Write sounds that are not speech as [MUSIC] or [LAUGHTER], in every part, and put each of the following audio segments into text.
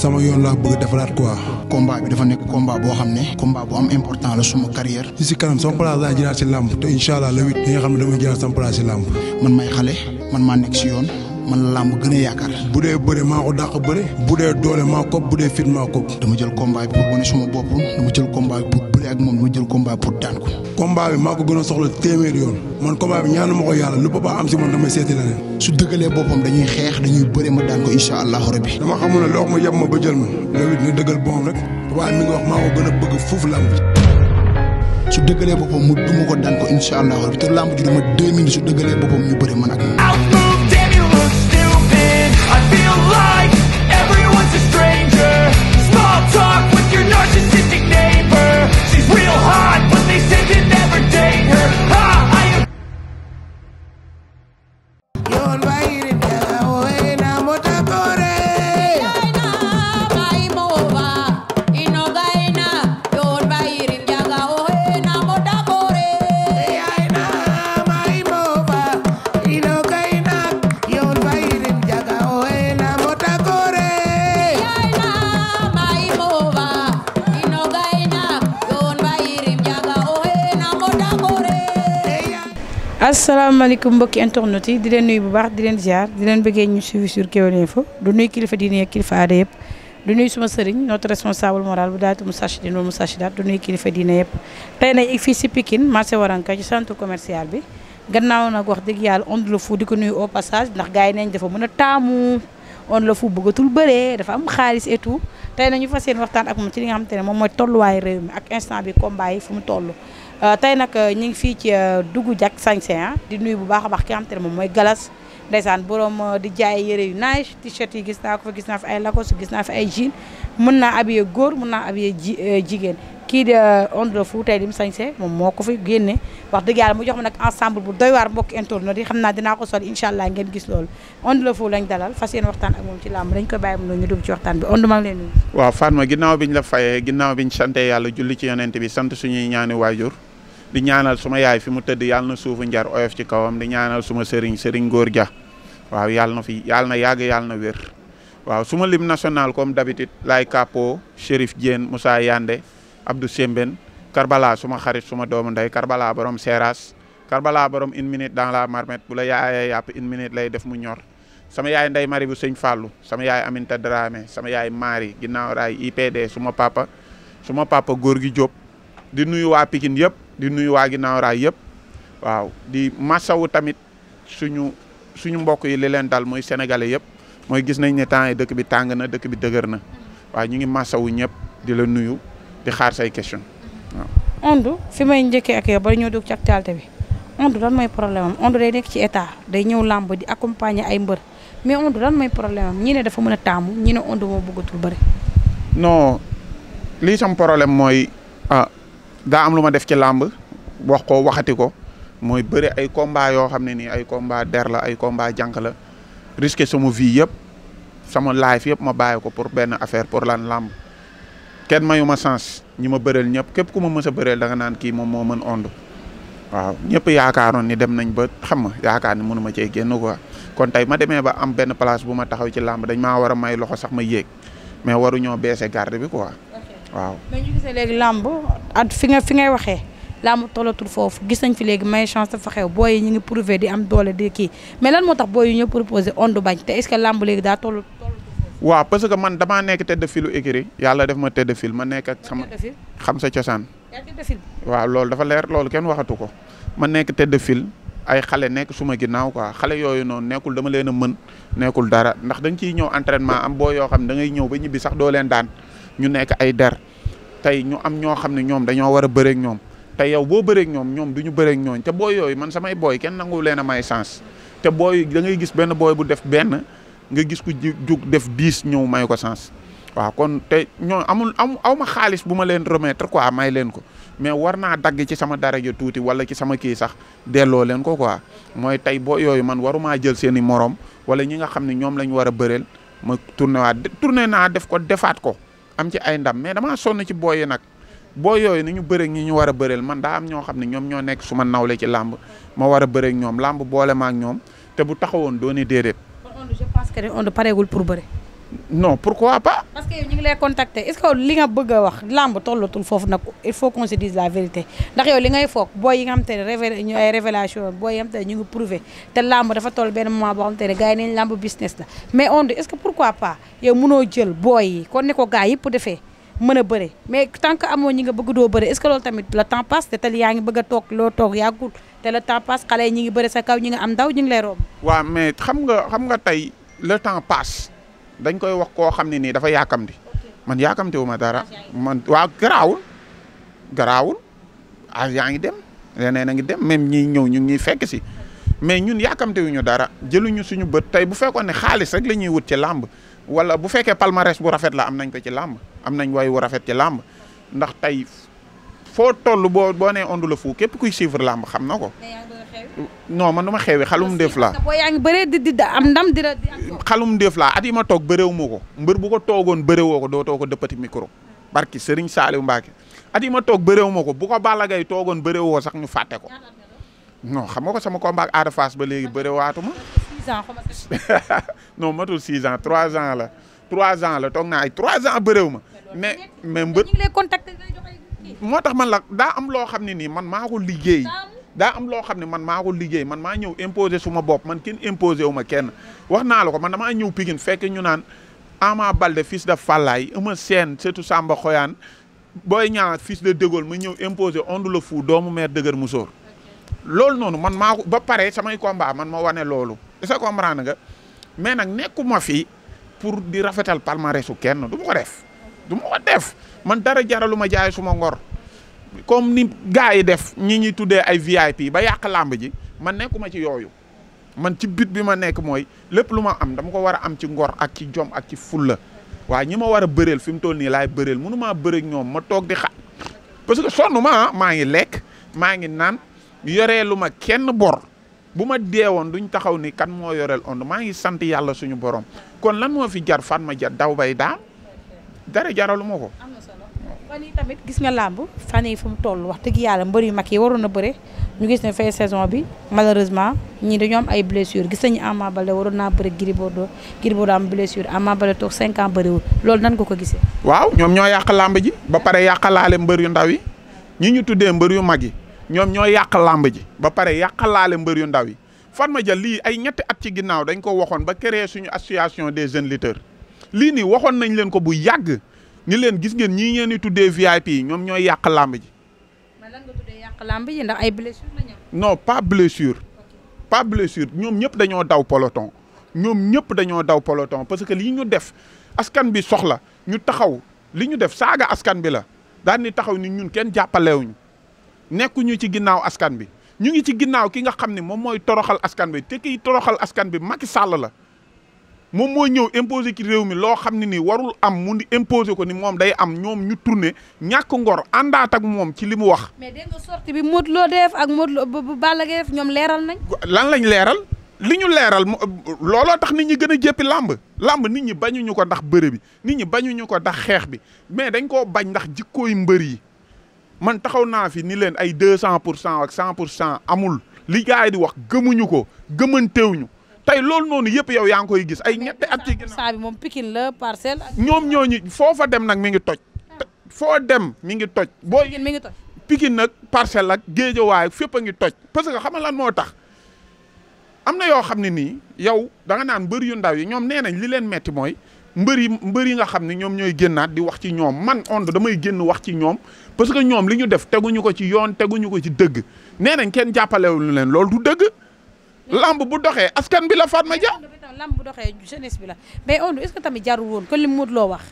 sama yoon laa bëgg defaraat quoi. combat bi dafa nekk combat boo xam ne. combat bu am important la suma carrière. si si kanam sama place laa jëlaat si làmb te incha allah le huit. nga xam ne damay jëlaat sama place si làmb. man may xale man maa nekk si yoon. man la làmb gën a yaakaar bu dee bëre maa ko dàq bëre bu dee doole maa ko bu dee fit maa ko dama jël combat bi pour wane suma bopp dama jël combat bi pour bëre moom dama jël combat pour daan ko combat bi maa ko gën a soxla téeméer yoon man combat bi ñaanu ma ko yàlla lu papa am si man damay seeti leneen su dëggalee boppam dañuy xeex dañuy bëre ma daan ko incha allahu rabbi dama xamul la loo yem ma ba jël ma loolu dina dëggal boom rek papa mi ngi wax maa ko gën su dëggalee boppam mu duma ko daan ko incha allah te lamb ji dama deux minutes su dëggalee boppam ñu bëri man ak asalaamaaleykum mbokki internet yi di leen nuyu bu baax di leen ziar di leen bëggee ñu suivi sur Kewel Info du nuyu kilifa diine ak yëpp du nuyu suma sëriñ notre responsable moral bu daatu Moustarchidine wal Moustarchidaat du nuyu kilifa diine yëpp tey nag fii si pikin marché Waranka ci centre commercial bi gannaaw nag wax dëgg yàlla Onde le Fou di ko nuyu au passage ndax gars yi nañ dafa mën a taamu Onde le Fou bëggatul bëree dafa am xaalis et tout tey nag ñu fas waxtaan ak moom li nga xamante ne moom mooy tolluwaayu réew mi ak instant bi combat yi fu mu toll Euh, tey nag euh, ñu ngi fii ci euh, dugg jak sañse ah, di nuy bu baax a baax ki xam te moom mooy galas ndeysaan borom di jaay yëre yu naaj t-shirt yi gis naa ko fa gis naa fi ay lacoste gis naa fi ay jean mën naa habillé góor mën naa habillé jigéen kii de Onde le Fou moom moo ko fi génne wax dëgg yàlla mu jox ma nag ensemble bu doy waar mbokk internet yi xam naa dinaa ko sol incha allah ngeen gis loolu Onde le Fou lañ dalal fas yéen waxtaan ak moom ci làmb dañ koy bàyyi mu ñu dugg ci waxtaan bi Onde maa leen nuyu. waaw Fatma sante yàlla julli ci yonent bi sant suñuy ñaani waajur di ñaanal suma yaay fi mu tëdd yàlla na suufu njar oyof ci kawam di ñaanal suma sëriñ sëriñ góor ja waaw yàlla na fi yàlla na yàgg yàlla na wér waaw suma lim national comme d'habitude Laye Capo Chérif Diène Moussa Yande Abdou Sembène Karbala suma xarit suma doomu ndey Karbala borom Seras Karbala borom une minute dans la marmite bu la yaayee yàpp une minute lay def mu ñor sama yaay ndey mari bu sëñ Fallou sama yaay Aminta Dramé sama yaay Marie ginnaaw raay IPD suma papa suma papa góor gi Diop di nuyu waa Pikine yëpp. di nuyu waa ginnaaw raay yëpp waaw di masawu tamit suñu suñu mbokk yi li leen dal mooy sénégalais yëpp mooy gis nañ ne temps yi dëkk bi tàng na dëkk bi dëgër na waaw ñu ngi masawu ñëpp di la nuyu di xaar say question waaw. Ondu fi may njëkkee ak yow bari ñoo dugg ci actualité bi Ondu lan mooy problème Ondu day nekk ci état day ñëw làmb di accompagner ay mbër mais Ondu lan mooy problème am ne dafa mën a taamu ñi ne Ondu moo bëggatul bëri. non lii sam problème mooy ah daa am lu ma def ci làmb wax ko waxati ko mooy bëri ay combat yoo xam ne nii ay combat der la ay combat jànk la risqué sama vie yëpp sama life yëpp ma bàyyi ko pour benn affaire pour laan làmb kenn mayu ma sens ñi ma bëreel ñëpp képp ku ma mës a bëreel da nga naan kii moom moo mën ond waaw ñëpp yaakaaroon ni dem nañ ba xam ma yaakaar ni mënu ma cee génn quoi kon tey ma demee ba am benn place bu ma taxaw ci làmb dañ ma war a may loxo sax ma yéeg mais waruñoo beese garde bi quoi waaw. mais léegi làmb at fi nga ngay waxee làmb tollatul foofu gis nañ fi léegi may chance dafa xew booy ñu ngi prouver di am doole di kii mais moo tax booy yi ñu proposé ondu bañ te est-ce que làmb léegi daa toll. waaw parce que man damaa nekk tête de file écurie yàlla def ma tête de file ma nekk ak sama xam sa cosaan. waaw loolu dafa leer loolu kenn waxatu ko ma nekk tête de file ay xale nekk suma ginnaaw quoi xale yooyu noonu nekkul dama leen a mën nekkul dara ndax dañ ciy ñëw entraînement am boo yoo xam da ngay ñëw ba ñibbi sax doo leen daan ñu nekk ay der tey ñu am ñoo xam ne ñoom dañoo war a bëreek ñoom te yow boo bëreek ñoom ñoom du ñu bëreek ñooñ te boo yooyu man samay booy kenn nangu leen a may chance te booy da ngay gis benn booy bu def benn nga gis ku jug def dix ñëw may ko chance waaw kon te ñoo amul am aw ma xaalis bu ma leen remettre quoi may leen ko mais war naa dagg ci sama daraja tuuti wala ci sama kii sax delloo leen ko quoi mooy tey boo yooyu man warumaa jël seen i moroom wala ñi nga xam ne ñoom la ñu war a bëreel ma tourné waat tourné naa def ko defaat ko am ci ay ndam mais damaa sonn ci booy yi nag booy yooyu ni ñu ñu war a bëreel man daa am ñoo xam ne ñoom ñoo nekk suma ma nawle ci làmb ma war a bëre ñoom làmb boole ma ak ñoom te bu taxawoon dooni déedéet. kon pareegul pour bëre. non pourquoi pas. parce que ñu ngi lay contacter est-ce que li nga bëgg a wax làmb tollatul foofu il faut qu'on se dise la vérité ndax yow li ngay foog booy yi nga xam te ne révé ñu ay révélation booy yi nga xam te ne ñu ngi prouvé boo xam ne gars yi nañ làmb business la mais on est-ce que pourquoi pas yow mënoo jël booy yi kon ne ko gars yëpp defee mën a bëre mais tant que amoo ñi nga bëgg doo bëre est que loolu tamit le temps passe te tal yaa ngi bëgg a toog loo toog yàggul te le temps passe xale yi ngi bëre sa kaw ñi am ndaw ñu ngi lay romb waaw xam nga xam nga tey le temps passe dañ koy wax koo xam ne nii dafa yaakamti man yaakamti wu ma dara man waa waaw garaawul garaawul agent ngi dem leneen a ngi dem même ñiy ñëw ñu ngi fekk si mais ñun yaakamte wu ñu dara jëluñu suñu bët tey bu fekkoon ne xaalis rek la ñuy wut ci làmb wala bu fekkee palmarès bu rafet la am nañ ko ci làmb am nañ way wu rafet ci làmb ndax tey foo toll boo boo nee Onde le Fou képp kuy suivre làmb xam na ko non man du ma xeewi xalum def laa. boo yaa ngi di di am dam di la xalum def laa at yi ma toog bëreewu ma ko mbër bu ko toogoon bëreewoo ko dootoo ko dëppati micro. barki Serigne Saliou Mbacke at yi toog bëreewu ma ko bu ko Balla Gaye toogoon bëreewoo sax ñu fàtte ko. non xam nga ko sama combat ak Ada Fass ba léegi waatu ma. 6 ans [LAUGHS] non matul 6 ans trois ans la 3 ans la toog naa ay 3 ans bëreewu ma. mais mais mbër moo tax man la daa am loo xam ne nii man maa ko liggéey. daa am loo xam ne man maa ko liggéey man maa ñëw imposé suma bopp man kenn imposé wu ma kenn wax naa la ko man damaa ñëw Pikine fekk ñu naan Ama Balde fils de Fallaye Eumeu Sène surtout Samba Xoyaan Boy Niang fils de De Gaulle ma ñëw imposé Onde le Fou doomu meer dëgër musóor loolu noonu man maa ba pare samay combat man ma wane loolu est-ce que comprendre nga mais nag nekkuma fii pour di rafetal palmarèsu kenn du ma ko def du ma ko def man dara jaralu ma jaay suma ngor comme ni gars yi def ñi ñuy tuddee ay VIP ba yàq làmb ji ma nekkuma ci yooyu man ci but bi ma nekk mooy lépp lu ma am dama ko war a am ci ngor ak ci jom ak ci fulla waa ñi ma war a bëreel fi mu toll nii laay bëreel mënu maa bëreeg ñoom ma toog di xa parce que sonn ma ah, maa ngi lekk maa ngi naan yoreelu ma kenn bor bu ma deewoon duñ taxaw ni kan moo yoreel ond maa ngi sant yàlla suñu borom kon lan moo fi jar fan ma jar daw bay daal dara jaraluma ko. fan yi tamit gis nga làmb fan yi fu mu toll wax dëgg yàlla mbër yu mag yi waroon a bëre ñu gis ne fay saison bi malheureusement ñii dañoo am ay blessure gis nañu Ama Baldé waroon naa bëre Gris Bordeaux Gris Bordeaux am blessure Ama Baldé toog 5 ans bëriwul loolu nan nga ko gisee. waaw ñoom ñoo yàq làmb ji ba pare yàqalaale mbër yu ndaw yi ñi ñu tuddee mbër yu mag yi ñoom ñoo yàq làmb ji ba pare yàqalaale mbër yu ndaw yi fan ma jël lii ay ñetti at ci ginnaaw dañ ko waxoon ba créer suñu association des jeunes lutteurs lii nii waxoon nañ leen ko bu yàgg ni leen gis ngeen ñii ngeen di tuddee VIP yi ñoom ñooy yàq làmb ji. làmb ji ndax ay blessure la ñu non pas blessure. pas blessure ñoom ñëpp dañoo daw peloton ñoom ñëpp dañoo daw peloton parce que li ñu def askan bi soxla ñu taxaw li ñu def saaga askan bi la daan ni taxaw ni ñun kenn jàppalewuñu nekkuñu ci ginnaaw askan bi ñu ngi ci ginnaaw ki nga xam ne moom mooy toroxal askan bi te kiy toroxal askan bi Macky sàll la. moom moo ñëw imposé ci réew mi loo xam ne nii warul am mun di ko ni moom day am ñoom ñu tourné ñàkk ngor àndaat ak moom ci li mu wax. mais dégg nga sortie bi Modou Lo def ak Modou Lo bu Balla Gaye def ñoom leeral nañ. lan lañ leeral li ñu leeral looloo tax nit ñi gën a jéppi làmb làmb nit ñi bañuñu ko ndax bëre bi nit ñi bañuñu ko ndax xeex bi mais dañ koo bañ ndax jikkooy mbër yi man taxaw naa fi ni leen ay deux cent pour cent ak cent pour cent amul li gars di wax gëmuñu ko gëmantewuñu tey loolu noonu yëpp yow yaa ngi koy gis ay ñetti at ci ginnaaw saa bi moom Pikine la parcelle ñoom ñooñu foofa dem nag mi ngi toj ah. foo dem mi ngi toj boo mi ngi toj Pikine nag parcelle ak géejawaay fépp a ngi toj parce que xam nga lan moo tax am na yoo xam ne nii yow da nga naan mbër yu ndaw yi ñoom nee nañ li leen metti mooy mbër yi mbër yi nga xam ne ñoom ñooy génnaat di wax ci ñoom man Onde damay génn wax ci ñoom parce que ñoom li ñu def teguñu ko ci yoon teguñu ko ci dëgg nee nañ kenn jàppalewul leen loolu du dëgg lamb bu doxee askan bi la Fatma Dia. lamb bu doxee jeunesse bi la mais Onde est-ce tamit jarul woon ko li Modou Lo wax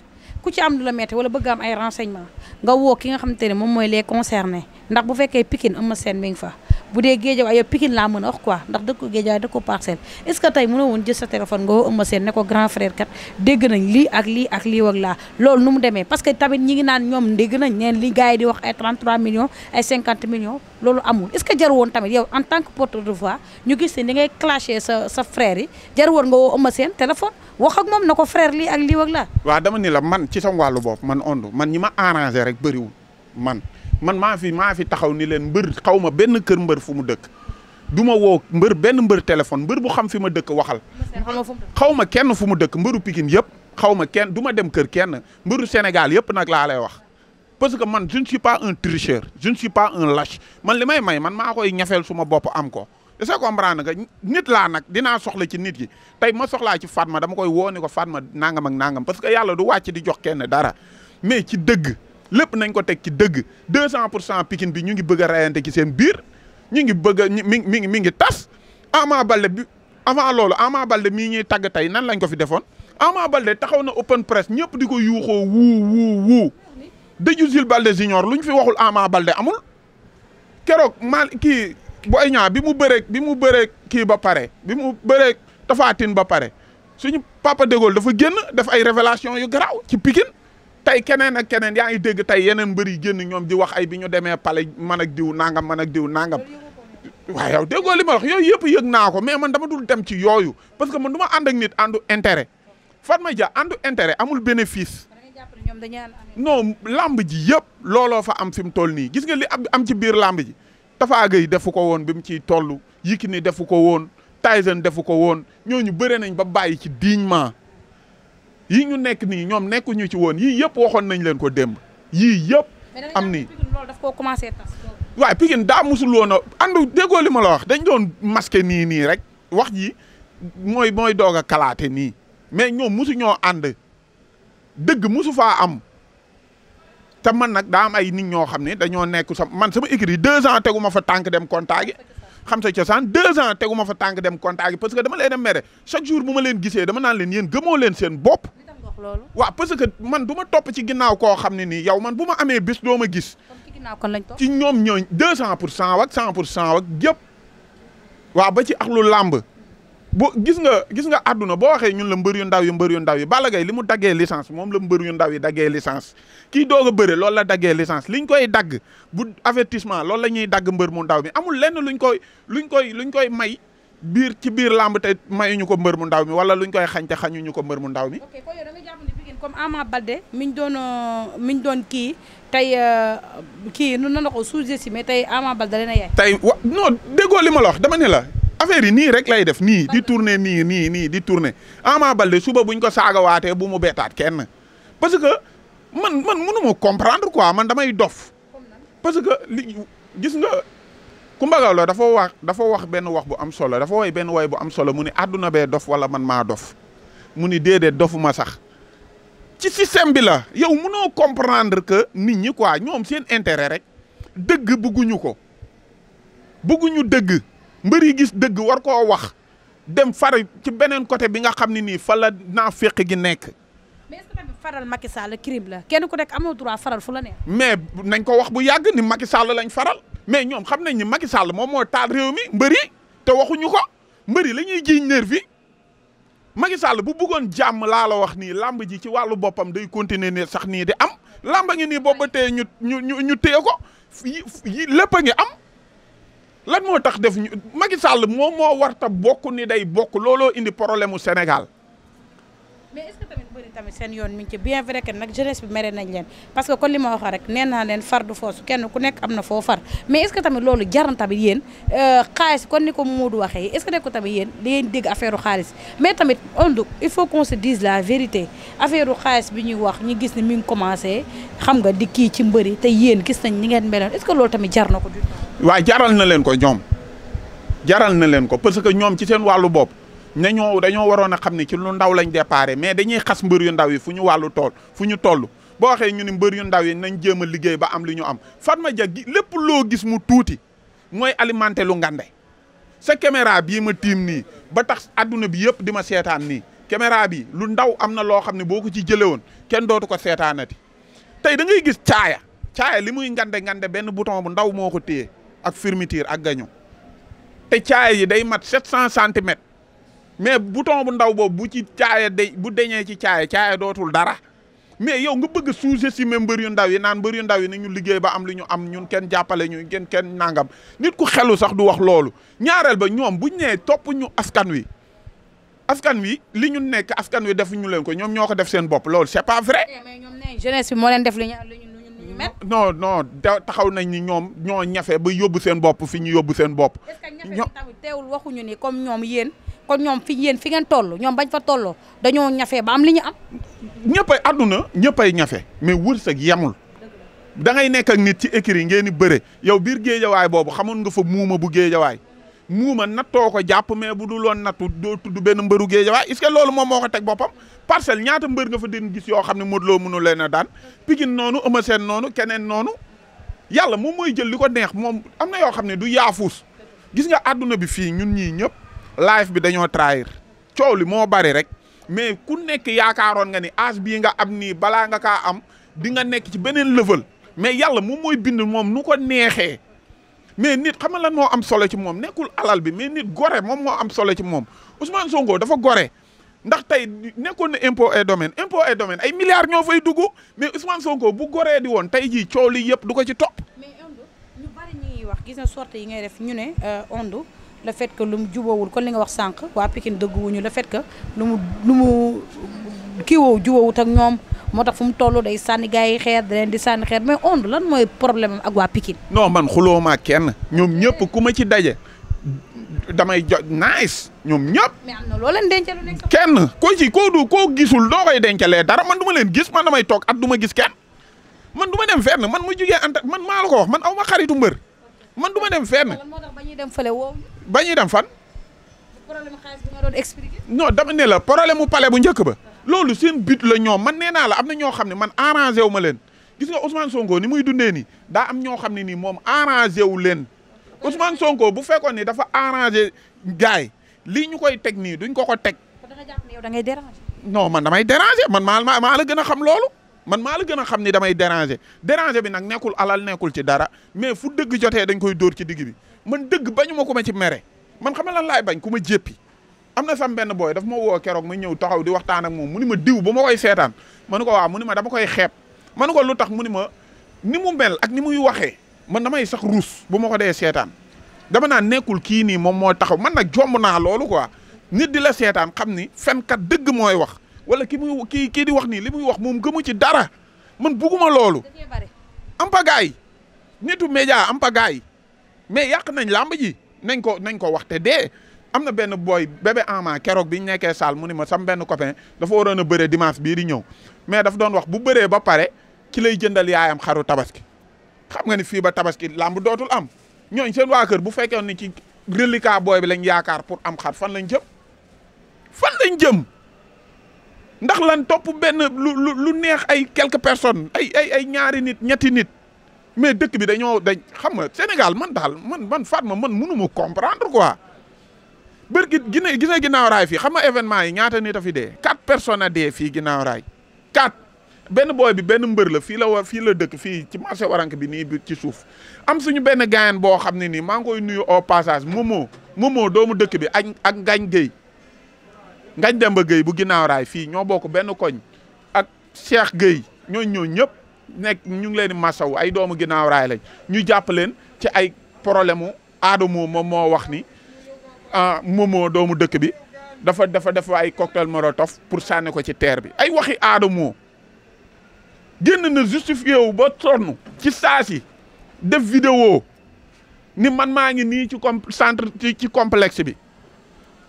ku ci am lu la metti wala bëgg am ay renseignements nga woo ki nga xamante ne moom mooy les concernés ndax bu fekkee Pikine am ma seen mi ngi fa. bu dee géejawaay yow Pikine laa mën a wax quoi ndax dëkk géejawaay dëkk parcelle est-ce que tey mënoo woon jël sa téléphone nga woo Eumeu Sène ne ko grand frère kat dégg lii ak lii ak lii ak laa loolu nu mu demee parce que tamit ñi ngi naan ñoom dégg nañ neen li gars yi di wax ay 33 millions ay 50 millions loolu amul est-ce que jar woon tamit yow en tant que porte de voix ñu gis ne ni ngay clasher sa frère jar woon nga woo Eumeu Sène téléphone wax ak moom na ko frère lii ak lii ak laa dama ni man ci sama wàllu bopp man Onde man ñi ma arrangé rek bëriwul man man maa fi maa fi taxaw ni leen mbër xaw ma benn kër mbër fu mu dëkk du ma woo mbër benn mbër téléphone mbër bu xam fi ma dëkk waxal xaw ma kenn fu mu dëkk mbëru Pikine yëpp xaw ma kenn du ma dem kër kenn mbëru Sénégal yëpp nag laa lay wax parce que man je ne suis pas un tricheur je ne suis pas un lâche man li may may man maa koy ñafeel suma bopp am ko est-ce nit laa nag dinaa soxla ci nit yi tey ma soxlaa ci Fatma dama koy woo ko Fatma ma ak nangam parce que yàlla du wàcc di jox kenn dara mais ci dëgg lépp nañ ko teg ci dëgg deux cent pour cent Pikine bi ñu ngi bëgg a rayante ci seen biir ñu ngi bëgg a mi ngi mi ngi tas Ama Baldé bi avant loolu Ama Baldé mii ñuy tàgg tey nan lañ ko fi defoon Ama Baldé taxaw na open press ñëpp di ko yuuxoo wuu wuu wuu dëju Jules Baldé junior lu ñu fi waxul Ama Baldé amul keroog mal kii Boy Niang bi mu bëreeg bi mu bëreeg kii ba pare bi mu bëreeg Tapha Tine ba pare suñu papa De Gaulle dafa génn def ay révélation yu garaaw ci Pikine tey keneen ak keneen yaa ngi dégg tey yeneen mbër yi génn ñoom di wax ay bi ñu demee pale man ak diw nangam man ak diw nangam waaw yow déggoo li ma wax yooyu yëpp yëg naa ko mais man dama dul dem ci yooyu parce que mën du ma ànd ak nit àndu intérêt Fatma Dia àndu intérêt amul bénéfice non lamb ji yëpp looloo fa am fi mu toll nii gis nga li am ci biir lamb ji Tapha Gueye defu ko woon bi mu ciy toll Yékini defu ko woon Tyson defu ko woon ñooñu bëre nañ ba bàyyi ci dignement yii ñu nekk nii ñoom nekkuñu ci woon yii yëpp waxoon nañ leen ko démb yii yëpp. am nii loolu daf koo commencé tas. waaw Pikine daa musul woon a andu déggoo li ma la wax dañ doon masqué nii nii rek wax ji mooy mooy doog a kalaate nii mais ñoom musu ñoo ànd dëgg musu faa am te man nag daa am ay nit ñoo xam ne dañoo nekk sa man sama écrit yi deux ans teguma fa tànk dem contact xam sa cosaan deux ans teguma fa tànk dem contact yi parce que dama leen a mere chaque jour bu ma leen gisee dama naan leen yéen gëmoo leen seen bopp waaw parce que man du ma topp ci ginnaaw koo xam ne nii yow man bu ma amee bés doo ma gis ci ñoom ñooñ deux cent pour cent wak cent pour cent wak yëpp waaw ba ci lu làmb bu gis nga gis nga àdduna boo waxee ñun la mbër yu ndaw yi mbër yu ndaw yi Balla Gaye li mu daggee licence moom la mbër yu ndaw yi daggee licence kii la daggee licence liñ koy dagg bu avertissement loolu la ñuy dagg mbër mu ndaw bi amul lenn luñ koy luñ koy luñ koy may biir ci biir làmb mayuñu ko mbër mu ndaw mi wala luñ koy xañ te xañuñu ko mbër mu ndaw mi. ok kon yow da nga jàpp ne Pikine comme Ama Baldé miñ doon euh, miñ doon kii tey euh, kii nu na la ko sous-estimé tey Ama Baldé dana yaay. tey wa non li ma la wax dama ne la affaire yi nii rek lay def nii di tourner nii nii nii di tourner Ama bale suba buñ ko saaga waatee bu mu bettaat kenn parce que man man mënu ma comprendre quoi man damay dof parce que li gis nga Coumba Gawlo dafa wax dafa wax benn wax bu am solo dafa woy benn woy bu am solo mu ne àdduna bee dof wala man maa dof mu ni déedéet dofuma sax ci système bi la yow mënoo comprendre que nit ñi quoi ñoom seen intérêt rek dëgg bëgguñu ko bëgguñu dëgg mbër yi gis dëgg war koo wax dem far ci beneen côté bi nga xam ne nii fa la naaféq gi nekk. mais est-ce que faral Macky Sall crime la kenn ku nekk amoo droit faral fu la neex. mais nañ ko wax bu yàgg ni Macky Sall lañ faral mais ñoom xam nañ ni Macky Sall moom moo taal réew mi mbër te waxuñu ko mbër yi la ñuy jiiñ nervi Macky Sall bu bëggoon jàmm laalo wax nii làmb ji ci wàllu boppam day continuer ne sax nii di am làmb ngi nii boobu ba tey ñu ñu ñu téye ko yi lépp ngi am. lan moo tax def ñu Macky Sall moom moo war ta bokk ni day bokk looloo indi problème mu Sénégal. mais tamit seen yoon mi ngi ci bien vrai que nag jeunesse bi mere nañ leen parce que kon li ma waxoon rek nee naa leen far du foosu kenn ku nekk am na foo far mais est tamit loolu jaran tamit yéen euh, xaalis kon ni ko Moodu waxee est ce que tamit yéen li ngeen dégg affaire u xaalis mais tamit Ondu il faut qu'on se dise la vérité affaire xaalis bi ñuy wax ñu gis ne mi ngi commencé xam nga di kii ci mbëri te yéen gis nañ ni ngeen meloon est ce que loolu tamit jar na ko waa waaw jaral na leen ko ñoom jaral na leen ko parce que ñoom ci seen wàllu bopp nañoo dañoo waroon a xam ne ci lu ndaw lañ déparé mais dañuy xas mbër yu ndaw yi fu ñu wàllu tool fu ñu toll boo waxee ñu ne mbër yu ndaw yi nañ jéem a liggéey ba am li ñu am Fatma Dia gi lépp loo gis mu tuuti mooy alimenté lu ngande sa caméra bii ma tiim nii ba tax adduna bi yëpp di ma seetaan nii caméra bi lu ndaw am na loo xam ne boo ko ci jëlee woon kenn dootu ko seetaana seetaanati tey dangay gis caaya caaya li muy ngande ngande benn bouton bu ndaw moo ko téye ak fermeture ak gaño te caaya day mat 700 centimètres mais bu bouton bu ndaw boobu bu ci caaya de bu deñee ci caaya caaya dootul dara mais yow nga bëgg a sous-estimer mbër yu ndaw yi naan mbër yu ndaw yi na ñu liggéey ba am lu ñu am ñun kenn jàppale ñu kenn kenn nangam nit ku xelu sax du wax loolu ñaareel ba ñoom buñ nee topp ñu askan wi askan wi li ñu nekk askan wi defuñu leen ko ñoom ñoo ko def seen bopp loolu c'est pas vrai. mais ñoom nee jeunesse leen def li ñu ñu mel. non non taxaw nañ ni ñoom ñoo ñafe ba yóbbu seen bopp fi ñu yóbbu seen bopp. est-ce waxuñu ni comme ñoom yéen kon ñoom fi yéen fi ngeen toll ñoom bañ fa tolloo dañoo ñafe ba am li ñu am. ñëppay àdduna ñëppay ñafe mais wërsëg yemul. da ngay nekk ak nit ci écrit ngeen di bëre yow biir géejawaay boobu xamoon nga fa muuma bu géejawaay muuma nattoo ko jàpp mais bu dul woon nattu doo tudd benn mbëru géejawaay est-ce que loolu moom moo ko teg boppam parcel ñaata mbër nga fa den gis yoo xam ne Modou Lo mënu leen a daan Pikine noonu Eumeu Sène noonu keneen noonu yàlla moom mooy jël li ko neex moom am na yoo xam ne du yaafuus gis nga àdduna bi fii ñun ñii ñëpp live bi dañoo trahir coow li moo bari rek mais ku nekk yaakaaroon nga ni âge bii nga am nii balaa nga kaa am di nga nekk ci beneen level mais yàlla moom mooy bind moom nu ko neexee mais nit xam nga lan moo am solo ci moom nekkul alal bi mais nit gore moom moo am solo ci moom Ousmane Sonko dafa gore ndax tey nekkoon na impôt et domaine impôt et domaine ay milliards ñoo fay dugg mais Ousmane Sonko bu goree di woon tey ji coow li yëpp du ko ci topp. mais wax gis na yi ngay def ñu ne euh, la fait que lu mu jubóowul kon li nga wax sànq waa Pikine dëgguwuñu le fait que lu mu lu mu kiiwoo jubóowut ak ñoom moo tax fu mu toll day sànni gaa yi xeer da leen di sànni xeer mais ond lan mooy problème ak waa Pikine. non man xuloo ma kenn ñoom ñëpp ku ma ci daje damay jo nice ñoom ñëpp. mais am na loo leen nekk kenn ko ci koo du koo gisul doo koy dencalee dara man du ma leen gis man damay toog at du ma gis kenn man du ma dem fenn man mu jugee anta man maa la ko wax man aw ma mbër man du ma dem fenn. lan moo tax ñuy dem fële ba ñuy dem fan. problème xaalis bi dama ne la problème mu palais bu njëkk ba. loolu seen but la ñoom man nee naa la am na ñoo xam ne man arrangé wu ma leen gis nga Ousmane Sonko ni muy dundee nii daa am ñoo xam ne ni moom arrangé wu leen Ousmane Sonko bu fekkoon ni dafa arrangé gars yi lii ñu koy teg nii duñ ko ko teg. da ngay déranger. non man damay déranger man maa maa la gën a xam loolu man maa la gën a xam ni damay déranger déranger bi nag nekkul alal nekkul ci dara mais fu dëgg jotee dañ koy dóor ci digg bi. man dëgg bañu ma ko ma ci mere man xam lan laay bañ ku ma jéppi am na sam benn booy daf ma woo keroog ma ñëw taxaw di waxtaan ak moom mu ni ma diw ba ma koy seetaan ma ne ko waaw mu ni ma dama koy xeeb ma ne ko lu tax mu ni ma ni mu mel ak ni muy waxee man na may sax ruus bu ma ko dee seetaan dama naan nekkul kii nii moom moo taxaw man nag jomb naa loolu quoi nit di la seetaan xam ni fenkat dëgg mooy wax wala ki muy kii kii di wax nii li muy wax moom gëmu ci dara man bugguma loolu. am pagaay nitu média am pagaay mais yàq nañ làmb ji nañ ko nañ ko wax te dee am na benn booy bébé ama keroog bi ñu nekkee saal mu ni ma sam benn copain dafa waroon a bëre dimanche bii di ñëw mais daf doon wax bu bëree ba pare ci lay jëndal yaayam xaru tabaski xam nga ni fii ba tabaski làmb dootul am ñooñ seen waa kër bu fekkee ni ci reliquat booy bi lañ yaakaar pour am xar fan lañ jëm fan lañ jëm ndax lan topp benn lu lu neex ay quelques personnes ay ay ay ñaari nit ñetti nit mais dëkk bi dañoo dañ xam nga Sénégal man daal man man Fatma man mënu ma comprendre quoi. bërki gine gine ginnaaw raay fii xam nga événement yi ñaata nit a fi dee quatre personnes a dee fii ginnaaw raay quatre benn booy bi benn mbër la fii la war fii la dëkk fii ci marché warank bi nii bi ci suuf am suñu benn gaayan boo xam ne nii maa ngi koy nuyu au passage momo momo doomu dëkk bi ak ak ngañ géy ngañ demba géy bu ginnaaw raay fii ñoo bokk benn koñ ak Cheikh Gueye ñooñ ñoo ñëpp nekk ñu ngi leen di masaw ay doomu ginnaaw lañ ñu jàpp leen ci ay problème mu Adamo moom moo wax ni ah, Momo doomu dëkk bi dafa dafa def ay cocktail molotov pour sànni ko ci teer bi ay waxi Adamo génn na justifié wu ba ci saa def vidéo ni man maa ngi nii ci com ci complexe bi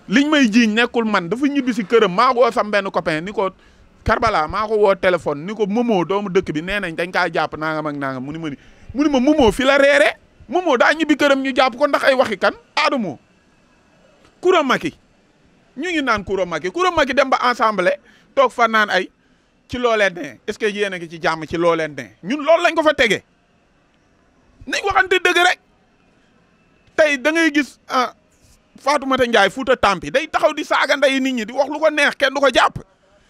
liñ may jiiñ nekkul man dafa ñibbi si këram maa woo sam benn copain ni ko Karbala maa ko woo téléphone ni ko Momo doomu dëkk bi nee nañ dañ kaa jàpp nangam ak nangam mu ma ni ma Momo fi la reere Momo daa ñibbi këram ñu jàpp ko ndax ay waxi kan Adamo Koura Macky ñu ngi naan Koura Macky Koura Macky dem ba ensemble toog fa naan ay ci looleen ne est-ce que yéen a ngi ci jàmm ci looleen ne ñun loolu lañ ko fa tegee nañ waxante dëgg rek tey da ngay gis ah Fatoumata Ndiaye Fouta Tampi day taxaw di saaga nday nit ñi di wax lu ko neex kenn du ko jàpp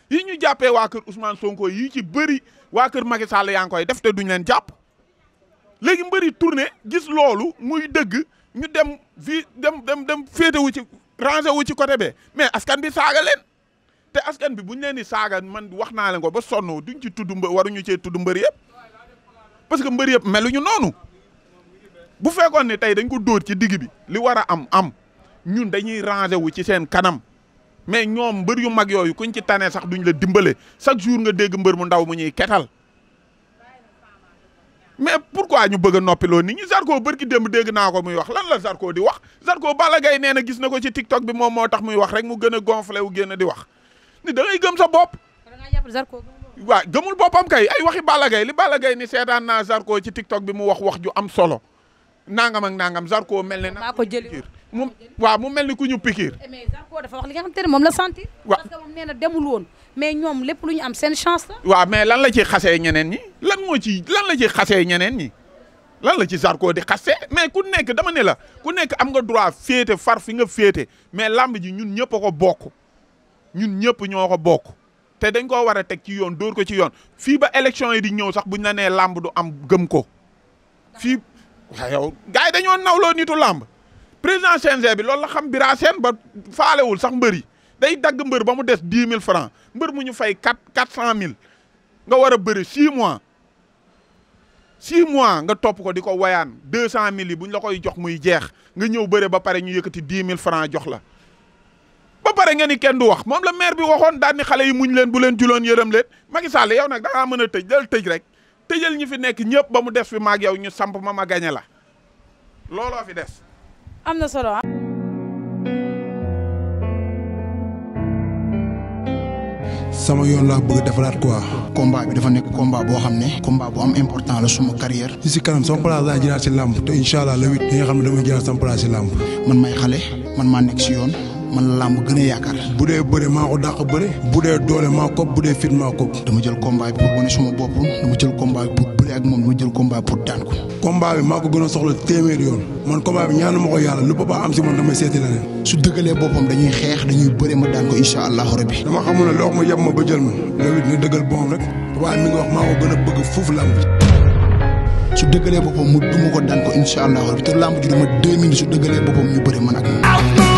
yi ñu jàppee waa kër Ousmane Sonko yi ci bëri waa kër Macky Sall yaa ngi koy def te duñ leen jàpp léegi mbëri tourné gis loolu muy dëgg ñu dem fii dem dem dem féetewu ci rangé wu ci côté be mais askan bi saaga leen te askan bi buñ leen di saaga man wax naa leen ko ba sonn duñ ci tudd mbër waruñu cee tudd mbër yëpp parce que mbër yëpp meluñu noonu bu fekkoon ne tey dañ ko dóor ci digg bi li war a am am ñun dañuy rangé wu ci seen kanam mais ñoom mbër yu mag yooyu kuñ ci tane sax duñ la dimbale chaque jour nga dégg mbër mu ndaw mu ñuy ketal mais pourquoi ñu bëgg a noppiloo nit ñi Zarko bërki démb dégg naa ko muy wax lan la Zarko di wax Zarko Balla Gaye nee na gis na ko ci TikTok bi moom moo tax muy wax rek mu gën a gonflé wu génn di wax ni da ngay gëm sa bopp. waaw gëmul boppam kay ay waxi bala Gaye li Balla Gaye ni seetaan naa Zarko ci TikTok bi mu wax wax ju am solo nangam ak nangam Zarko mel ne. maa ko jëli mu waaw mu mel ni ku ñu pikiir. Eh, mais Zarko li nga xamante ne moom la sentir. waaw parce que demul woon mais ñoom lépp lu ñu am seen chance mais lan la ci xasee ñeneen ñi lan moo ci lan la ci xasee ñeneen ñi lan la ci Zarko di xasee mais ku nekk dama ne la ku nekk am nga droit féete far fi nga féete mais làmb ji ñun ñëpp ko bokk ñun ñëpp ñoo ko bokk te dañ koo war a teg ci yoon dóor ko ci yoon fii ba élection yi di ñëw sax buñ la nee làmb du am gëm ko fii waaw yow gars yi dañoo nawloo nitu làmb. président CNG bi loolu la xam Bira Sène ba faalewul sax mbëri day dagg mbër ba mu des dix mille francs mbër mu ñu fay quatre quatre cent mille nga war a bëri six mois six mois nga topp ko di ko wayaan deux cent mille yi bu ñu la koy jox muy jeex nga ñëw bëre ba pare ñu yëkkati dix mille francs jox la ba pare ngeen i kenn du wax moom la maire bi waxoon daal ni xale yi muñ leen bu leen juloon yërëm leen Macky Sall yow nag dangaa mën a tëj dal tëj rek tëjal ñi fi nekk ñëpp ba mu des fi maag yow ñu samp ma ma gañe la looloo fi des am na solo ah. sama yoon laa bëgg defaraat quoi. combat bi dafa nekk combat boo xam ne. combat bu am important la suma carrière. ci si kanam sama place laa jëlaat ci làmb te incha allah le huit. nga xam ne dama jëlaat sama place ci làmb. man may xale man maa nekk ci yoon. man la làmb gën a yaakaar bu dee bëre maa ko dàq bëre bu dee doole maa ko bu dee fit maa ko dama jël combat bi pour wane suma bopp dama jël combat bi moom dama jël combat pour daan ko bi maa ko gën a soxla téeméer yoon man combat bi ñaanu ma ko yàlla lu papa am si man damay seeti leneen su dëggalee boppam dañuy xeex dañuy bëre ma daan ko incha allahu rabbi dama xamul ne loo ma ma ba jël ma loolu dina dëggal boppam rek waaye mi ngi wax maa ko gën a su dëggalee boppam mu duma ko daan ko incha allah te làmb ju dama deux minutes su boppam ñu bëri man ak